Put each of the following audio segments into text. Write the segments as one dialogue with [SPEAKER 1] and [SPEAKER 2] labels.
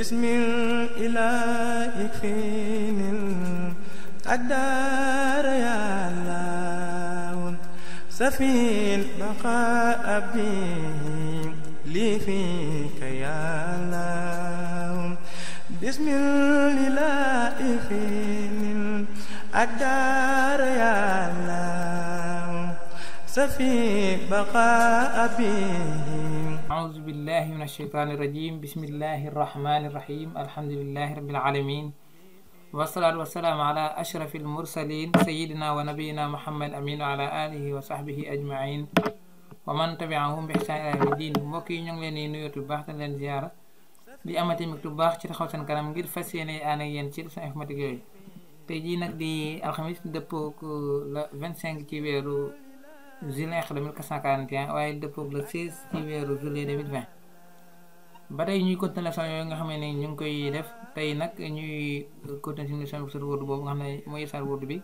[SPEAKER 1] بسم الإله فين الدار يا الله سفين بقى ابي لي فيك يا الله بسم الإله فين الدار يا الله سفين بقى ابي أعوذ بالله من الشيطان الرجيم بسم الله الرحمن الرحيم الحمد لله رب العالمين والصلاة والسلام على أشرف المرسلين سيدنا ونبينا محمد أمين على آله وصحبه أجمعين ومن تبعهم بإحسان إلى الدين موكي نيون لي ني نيوتو باخت لين زيارة دي أماتي ميكتو باخ سي تخاو كلام غير فاسيني أنا يين سي سان إنفورماتيك يوي تي جي نك دي الخميس دبوك 25 تي ويرو juillet 1441 waaye dëppoog le 16 ci weeru juillet 2020 ba tey ñuy continuer leçon yooyu nga xam ne ñu ngi koy def tey nag ñuy continuer leçon sur Word xam ne mooy sar Word bi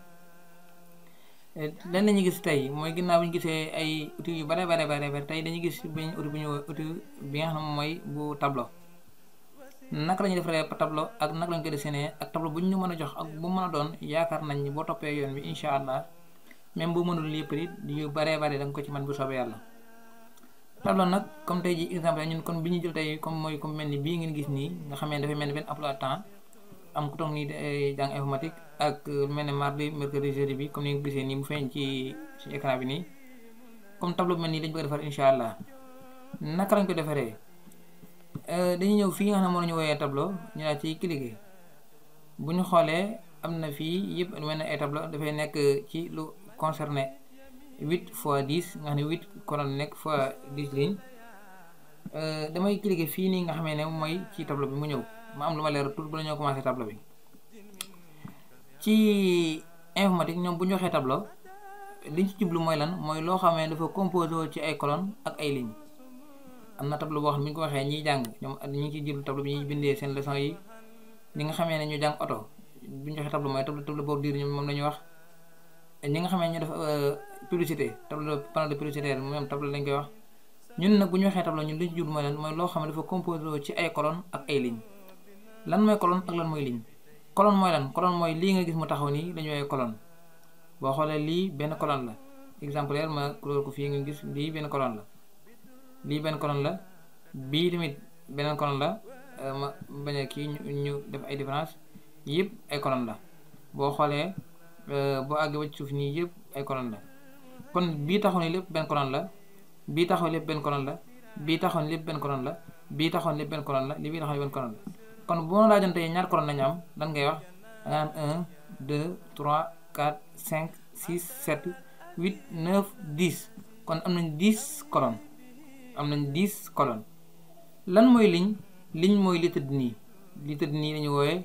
[SPEAKER 1] gis tey mooy ginnaaw bi ñu gisee ay outils yu bare bare bare tey dañuy gis benn bu ñu outil bi nga xam ne mooy bu tablo naka la ñuy defaree tableau ak naka la ñu koy dessiné ak tableau bu ñu mën a jox ak bu mën a doon yaakaar nañ boo toppee yoon bi incha allah. même bu mënul lepp nit di yu bare bare dang ko ci man bu sobe yalla par nak comme tay ji exemple ñun kon biñu jël tay comme moy comme melni bi ngeen gis ni nga xamé dafa melni ben emploi temps am ku ni day eh, jang informatique ak melni mardi mercredi jeudi bi comme ni nga gisé ni mu feeñ ci ci écran bi ni comme tableau melni mel dañ bëgg defar inshallah allah naka lañ ko euh dañuy ñëw fi nga xam ne ñu woowee tableau ñu la ci cliquer buñu xolé amna fi na fii yëpp mel ay tableau dafay nekk ci lu concerné huit fois dix nga xam ne huit colonne nekk fois dix ligne euh, damay cliquer fii nii nga xamee ne mooy ci tableau bi mu ñëw ma am lu ma leer tout bu la ñoo commencé tableau bi ci informatique ñoom bu ñu waxee tableau liñ ci jublu mooy lan mooy loo xamee dafa composé ci ay colonne ak ay ligne am na tableau boo xam ne ñu ko waxee ñiy jàng ñoom ñi ngi ci jublu tableau bi ñuy bindee seen leçon yi li nga xam ne ñu jàng oto bu ñu waxee tableau mooy tableau tableau boobu diir ñoom moom la ñuy wax ñi nga xam ne dafa def euh, publicité tableau panneau de publicité moom tableau lañ koy wax ñun nag bu ñu waxee tableau ñun li ñu jur mooy lan mooy loo xam ne dafa composé ci ay colonne ak ay ligne lan mooy colonne ak lan mooy ligne colonne mooy lan colonne mooy lii nga gis mu taxaw nii la ñu woowee colonne boo xoolee lii benn colonne la exemple ma couleur ko fii nga gis lii benn colonne la lii benn colonne la bii tamit beneen colonne la euh, ma bañ a kii ñu def ay différence yëpp ay colonne la xoolee. Euh, boo àggee ba ci suuf nii yëpp ay colonne la kon bii taxoon lépp benn colonne la bii taxoon lépp benn colonne la bii taxoon lépp benn colonne la bii taxoon lépp benn colonne la li bii taxoon benn colonne la kon bu ma laajoon tey ñaar colonne nañu am lan ngay wax da nga naan 1 2 3 4 kon am nañ 10 colonne am nañ 10 colonne lan mooy ligne ligne mooy li tëdd nii li tëdd nii la ñu wooyee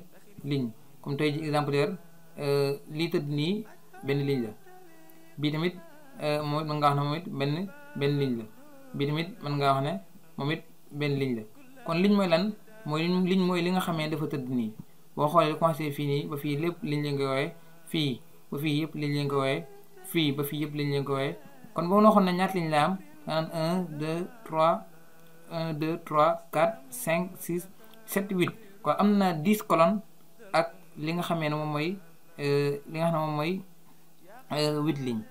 [SPEAKER 1] ligne comme tey ji exemple Eh, lii tëdd nii benn ligne la bii tamit eh, moom it mën ngaa wax ne moom it benn benn ligne la bii tamit mën ngaa wax ne moom it benn ligne la kon ligne mooy lan mooy ligne mooy li nga xamee dafa tëdd nii boo xoolee commencé fii nii ba fii lépp ligne la nga wooyee fii ba fii yëpp ligne la nga wooyee fii ba fii yëpp ligne la nga wooyee kon boo waxoon ne ñaata ligne la am daan un deux trois un deux trois quatre cinq six sept huit quoi am na dix colonnes ak li nga xamee ne moom mooy Euh, li nga xam mooy huit euh, lignes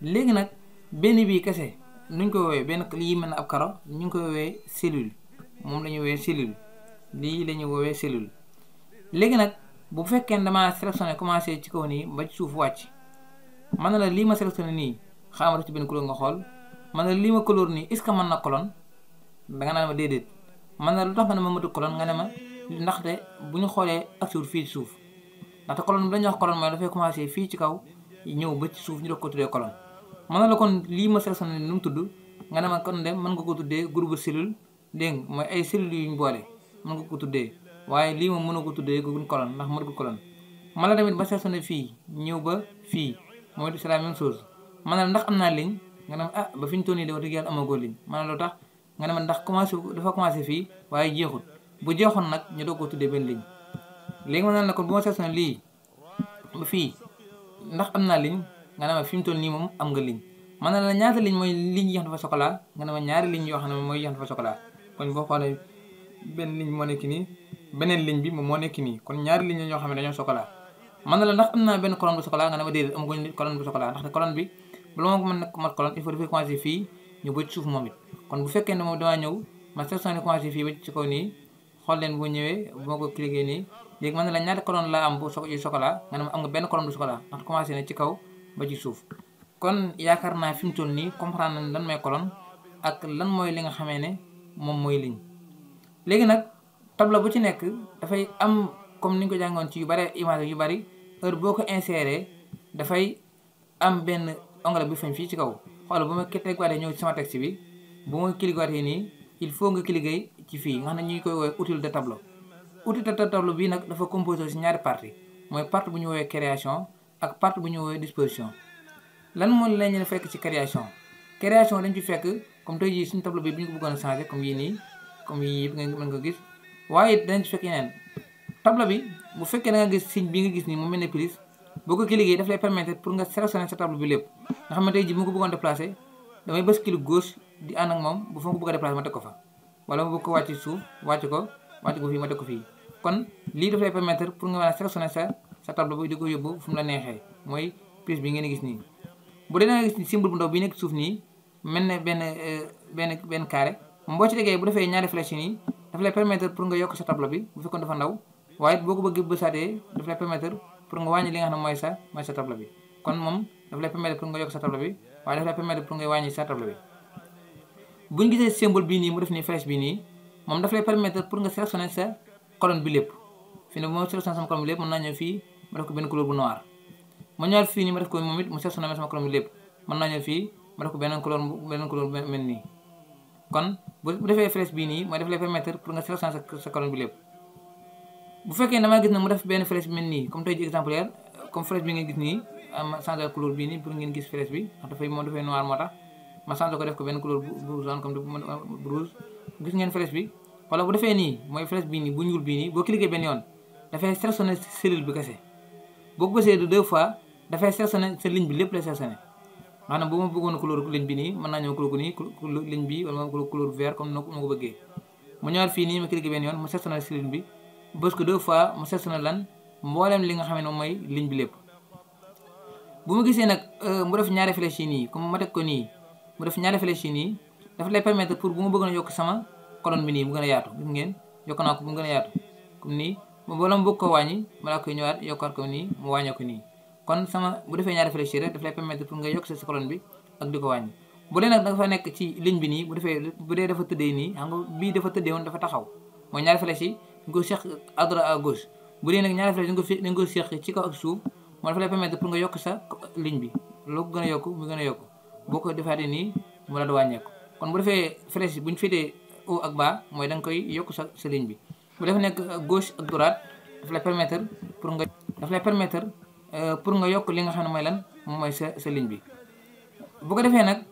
[SPEAKER 1] léegi nag benn bii kese nuñ ko woowee benn lii mën na ab karo ñu ngi koy woowee cellule moom la ñuy woowee cellule lii la ñuy woowee léegi nag bu fekkee damaa sélectionné commencé ci kaw nii ba ci suuf wàcc mën na la lii ma sélectionné nii xaaral ci benn couleur nga xool mën na la lii ma couleur nii est-ce que mën na colonne danga naan ma déedéet mën na lu tax nga ne ma mënatu colonne nga ne ma ndaxte bu ñu xoolee ak suuf fii suuf ndaxte colonne bi la ñuy wax colonne mooy dafay commencé fii ci kaw ñëw ba ci suuf ñu doog ko tuddee colonne mën na la kon lii ma sélectionné nu mu tudd nga ne kon de mën nga ko tuddee groupe cellule dégg nga mooy ay cellules yu ñu boole mën nga ko tuddee waaye lii moom mënoo ko tuddee guñ colonne ndax mën ko colonne mën la tamit ba sélectionné fii ñëw ba fii mooy c'est la même chose mën na la ndax am naa ligne nga ne ma ah ba fi ñu toll nii de wax dëgg yàlla amagoo ligne mën na loo tax nga ne ndax commencé dafa commencé fii waaye jeexut bu jeexoon nag ñu doo ko tuddee benn ligne léegi ma naan la kon bu ma seetoon lii ba fii ndax am naa ligne nga ne ma fi mu toll nii moom am nga ligne ma ne la ñaata ligne mooy ligne yi nga xam dafa chocolat nga ne ma ñaari ligne yoo xam ne mooy yi nga xam dafa chocolat kon boo xoolee benn ligne moo nekk nii beneen bi moom moo nekk nii kon ñaari ligne ñoo xam ne dañoo chocolat ma ne la ndax am naa benn colonne bu chocolat nga ne ma déedéet amaguñ colonne bu chocolat ndax colonne bi bala ma ko mën a mat colonne il faut dafay commencé fii ñu ba ci suuf moom it kon bu fekkee ne moom damaa ñëw ma nii xool leen bu ñëwee boo ko cliqué nii léegi mën ne la ñaata colonne laa am bu so yu chocolat nga ne ma am nga benn colonne bu chocolat ndax commencé na ci kaw ba ci suuf kon yaakaar naa fi mu toll nii comprendre nañ lan mooy colonne ak lan mooy li nga xamee ne moom mooy liñ léegi nag tableau bu ci nekk dafay am comme ni ñu ko jàngoon ci yu bare image yu bari heure boo ko inséré dafay am benn onglet bi feeñ fii ci kaw xool bu ma cliqué waatee ñëw ci sama texte bi bu nii il faut nga cliqué ci fi nga xam ne koy woy outil de tableau outil de tableau bi nak dafa composé ci ñaari partie moy partie bu ñu woy création ak partie bu ñu woy disposition lan mo la ñu fekk ci création création lañ ci fekk comme tay ji suñu tableau bi bu ñu ko bëggoon changer comme yi ni comme yi yëp nga mën ko gis waye dañ ci fekk yeneen tableau bi bu fekkee da nga gis signe bi nga gis ni mu melni plus boko ko cliqué daf lay permettre pour nga sélectionner sa tableau bi lepp nga xam ne tey bu ko bëggoon déplacer damay bës gauche di and ak mom bu fa ko bëgg déplacer ma tek ko fa wala ma bëgg ko wàcc suuf wàcc ko wàcc ko fii ma teg ko fii kon lii daf lay permettre pour nga mën a sélectionner sa sa tableau bi di ko yóbbu fu neexee mooy pièce bi ngeen gis nii bu dee da bu ndaw bi nekk suuf nii mel ne benn euh, benn benn carré moom boo ci bu defee ñaari flèche nii daf pour nga yokk sa tableau bi bu dafa ndaw waaye boo ko bëgg bësaatee daf lay permettre pour nga wàññi li nga xam ne mooy sa mooy sa tableau bi kon moom daf lay permettre pour nga yokk sa tableau bi waaye daf lay permettre pour nga wàññi sa tableau bi buñu gisé symbole bi ni mu def ni flash bi ni mom daf lay permettre pour nga sélectionner sa colonne bi lepp fi ne mo ma sélectionné sama colonne bi lépp mën naa ñëw fii def ko ben couleur bu noir mo ñaar fi ni mo def ko momit mo mu sélectionné sama colonne bi lépp mën naa ñëw fii def ko ben couleur ben couleur mel nii kon bu defé flash bi ni mo def lay permettre pour nga sélectionner sa colonne bi lepp bu fekkee dama gis na mo def ben flash mel nii comme tay ji exemplaire comme flash bi nga gis ni am changé couleur bi ni pour ngeen gis flash bi da fay mo dafay noir motax masan changé def ko ben couleur bu zone comme du rouge gis ngeen flash bi wala bu defé ni moy flash bi ni bu ñuul bii nii boo cliqué benn yoon fay sélectionner cellule bi kasse bo ko bësee deux fois da fay sélectionner sa ligne bi lepp la sélectionner manam bu ma bëggoon couleur ligne bi ni man nañu ñëw couleur ko nii ligne bi wala ma couleur couleur vert comme ma ko bëggé mu ñaar fi ni ma cliqué benn yoon mu sélectionné cellule bi bëss ko deux fois mu sélectionner lan mboolem li nga xamé no moy ligne bi lepp bu ma nak euh mu def ñaari flèche ni comme ma tek ko ni mu def ñaari flèche yi nii dafa lay permettre pour bu ma bëgg na yokk sama colonne bi nii mu gën a yaatu gis ngeen yokk naa ko bu mu gën a yaatu comme nii wala mu bëgg ko wàññi ma laa koy ñëwaat yokkaat ko nii mu wàññee ko nii kon sama bu defee ñaari flèche yi rek daf lay permettre pour nga yokk sa colonne bi ak di ko wàññi bu dee nag da nga fa nekk ci ligne bi nii bu defee bu dee dafa tëddee nii xam nga bii dafa tëddee woon dafa taxaw mooy ñaari flèche yi nga ko seq à droite à gauche bu dee nag ñaari flèche nga fi nga seq ci kaw ak suuf moo dafa lay permettre pour nga yokk sa ligne bi loo ko gën a yokk mu gën a yokk boo ko defaatee nii mu daal di wàññeeku kon bu defee flèche yi bu ñu féetee haut ak bas mooy danga koy yokk sa sa ligne bi bu dafa nekk gauche ak droite daf lay permettre pour nga daf lay permettre euh, pour nga yokk li nga xam ne mooy lan moom mooy sa sa ligne bi boo ko defee nag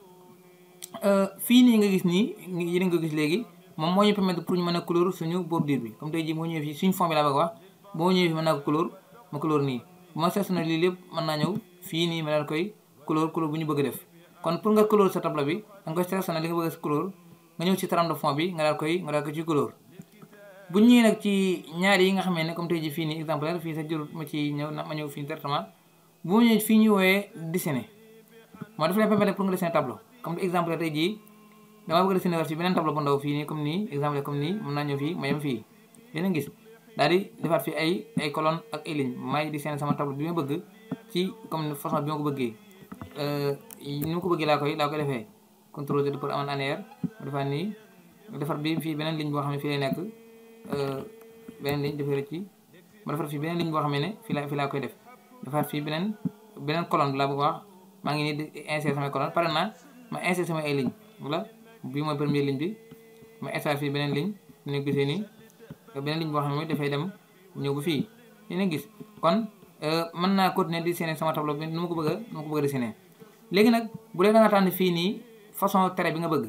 [SPEAKER 1] euh, fii nii nga gis nii yi nga gis léegi moom moo ñu permettre ñu mën a couleur suñu bordure bi comme tey jii moo ñëwee fii suñu fond bi laa bëgg wax boo ñëwee fii mën naa ko couleur ma couleur nii bu ma seet na lii lépp mën naa ñëw fii nii ma daal koy couleur couleur bu ñu bëgg def kon pour nga couleur sa tableau bi da nga stress na li nga bëgg couleur nga ñëw ci trame de fond bi nga dal koy nga dal ko ci couleur bu ñëw nak ci ñaar yi nga xamé ne comme tay ji fi ni exemple fi sa jur ma ci ñëw na ma ñëw fi directement bu ñëw fi fii ñu wooyee dessiner moo daf lay permettre pour nga dessiner tableau comme exemple tey jii dama bëgg dessiner wax ci benen tableau bu ndaw fi ni comme ni exemple comme ni mëna ñëw fi ma yëm fi yéen nga gis daal di defaat fii ay ay colonne ak ay ligne may dessiner sama tableau bi ma bëgg ci comme façon bi ma ko bëggee ñu ko bëgg la koy la koy défé contrôle de pour amane aner ma defaat nii ma defar bi fi benen ligne bo xamné fi lay nek euh benen ligne défé rëcc ma defar fi benen ligne bo xamné fi la fi la koy def defar fi benen benen colonne la bu wax ma ngi ni insérer sama colonne eh, pare naa ma insérer sama ay ligne wala bi mooy premier ligne bi ma insérer eh, fi benen ligne ñu gisé ni eh, benen ligne bo xamné da fay dem ñëw bu fi dina gis kon euh man na continuer di séné sama tableau bi nu ko bëgg a nu ko bëgg di séné léegi nag bu dee da nga tànn fii nii façon trait bi nga bëgg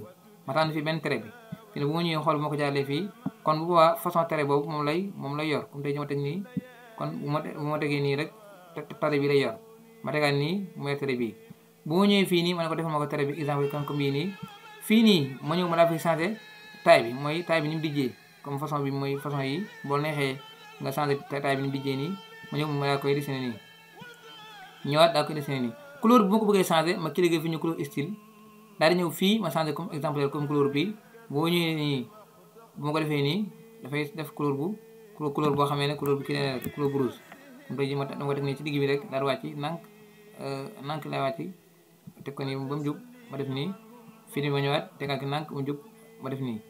[SPEAKER 1] ma tànn fii benn trait bi fii ne bu ma ñëwee xool bu ma ko jaarlee fii kon bu boobaa façon trait boobu moom lay moom lay yor comme tey ji ma teg kon bu ma ma tegee nii rek trait bi lay ma tegaat nii mu yor trait bii bu ma ñëwee fii nii ma ne ko defal ma ko trait bi exemple kan comme bii nii fii nii ma ñëw ma daa fi changé taille bi mooy taille bi ni mu dijjee comme façon bi mooy façon yi boo neexee nga changé taille bi ni dijjee nii ma ñëw ma daa koy dessiné nii ñëwaat daa koy dessiné couleur bi ma ko bëggee changer ma cliquer fi ñu couleur style daal ñëw fii ma changer comme exemple comme couleur bi boo ñëwee nii bu ma ko defee nii dafay def couleur bu couleur boo xamee ne couleur bu kii couleur bu rouge comme tey ma dama ko def nii ci digg bi rek daal di wàcc nank euh, nank lay wàcc teg ko nii ba mu jub ma def nii fii nii ma ñëwaat tegaat nank mu jub ma def nii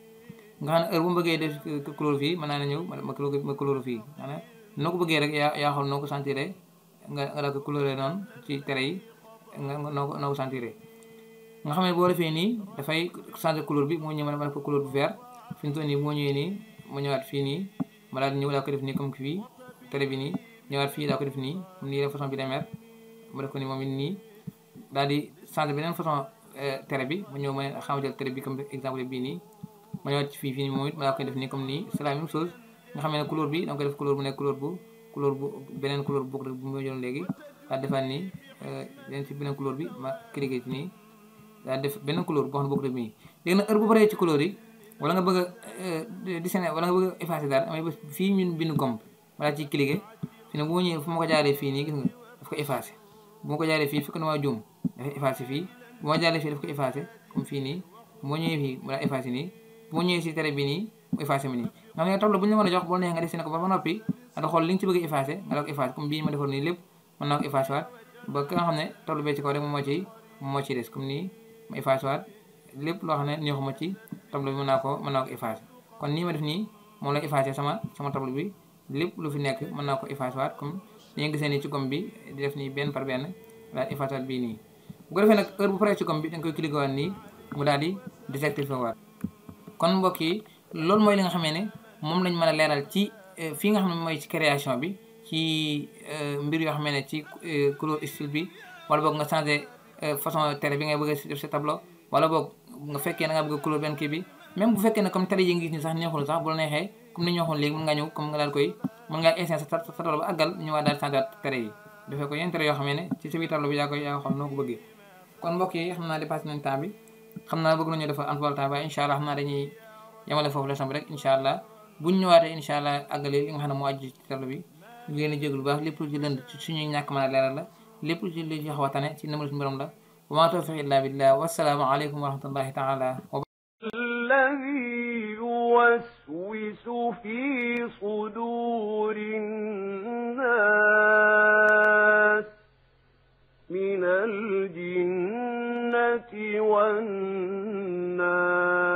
[SPEAKER 1] nga xam ne heure bu ma bëggee def couleur fii mën naa ne ñëw ma ma couleur fii maanaam noo ko bëggee rek yaa noo ko sentir nga nga daal ko couleur noonu ci tere yi nga nangu sentir nga xamné bo defé ni da fay changer couleur bi mo ñëw man ko couleur vert fi ñu ni mo ñëw ni mo ñëwaat fi ni ma daal ñëw da ko def ni comme fi télé bi ni ñëwaat fi da ko def ni ni la façon bi demer ma def ko ni mom ni daal di changer benen façon télé bi ma ñëw ma xam jël télé bi comme exemple bi ni ma ñëwaat fi fi ni momit ma da ko def ni comme ni c'est la même chose nga couleur bi da ko def couleur bu nek couleur bu couleur bu benen couleur bu mo jël légui da defal ni leen eh, ci beneen couleur bi ma cliqué ci nii daal def beneen couleur boo xam ne bokkul ak nii léegi nag heure bu paree ci couleur a eh, dessiné ko jaaree fii nii gis ko effacé bu ma ko jaaree fii fii bu ma jaaree fii daf ko effacé daal effacé nii bu bi nii mu effacé ba noppi nga xool li nga bëgg a nga la ko effacé comme bii ma defoon nii lépp mën naa ko effacé waat ba ki nga xam ne tableau bi ci kaw rek moom moo ciy moom moo ciy des comme nii ma effacé waat lépp loo xam ne neexuma ci tableau bi mun naa ko mën naa ko effacé kon nii ma def nii moom la effacé sama sama tableau bi lépp lu fi nekk mën naa ko effacé waat comme ni nga gisee nii ci gomme bi di def nii benn par benn daal effacé waat bii nii bu ko defee nag heure bu paree ci gomme bi da nga koy cliqué waat nii mu daal di désactivé waat kon mbokk yi loolu mooy li nga xamee ne moom lañ mën a leeral ci eh, fii nga xam ne mooy ci création bi ci euh, mbir yoo xam ne ci euh, couleur style bi wala boog nga changé euh, façon télé bi ngay bëgg a def sa tableau wala boog nga fekkee na nga bëgg a couleur benn kii bi même bu fekkee ne comme télé yi ngi gis ni sax neexul sax bu la neexee comme ni ñu waxoon léegi mën nga daal koy mën nga daal changé télé yi defee ko yeneen télé yoo xam ne ci sa biir tableau bi yaa koy yaa xam noo ko bëggee kon mbokk xam naa dépassé nañ temps bi xam naa bëgg nañu dafa antwal temps bi incha allah xam naa dañuy yemale foofu leçon bi rek incha xam ne moo aju bi ñu ngi leen di jégalu baax lépp lu ci lënd ci suñu ñàkk mën a leeral la lépp lu ci lu ci waxtaane ci numéro suñu borom la wa ma tawfiq illa billah wassalaamu aleykum wa rahmatullahi taala الذي يوسوس في صدور الناس من الجنة والناس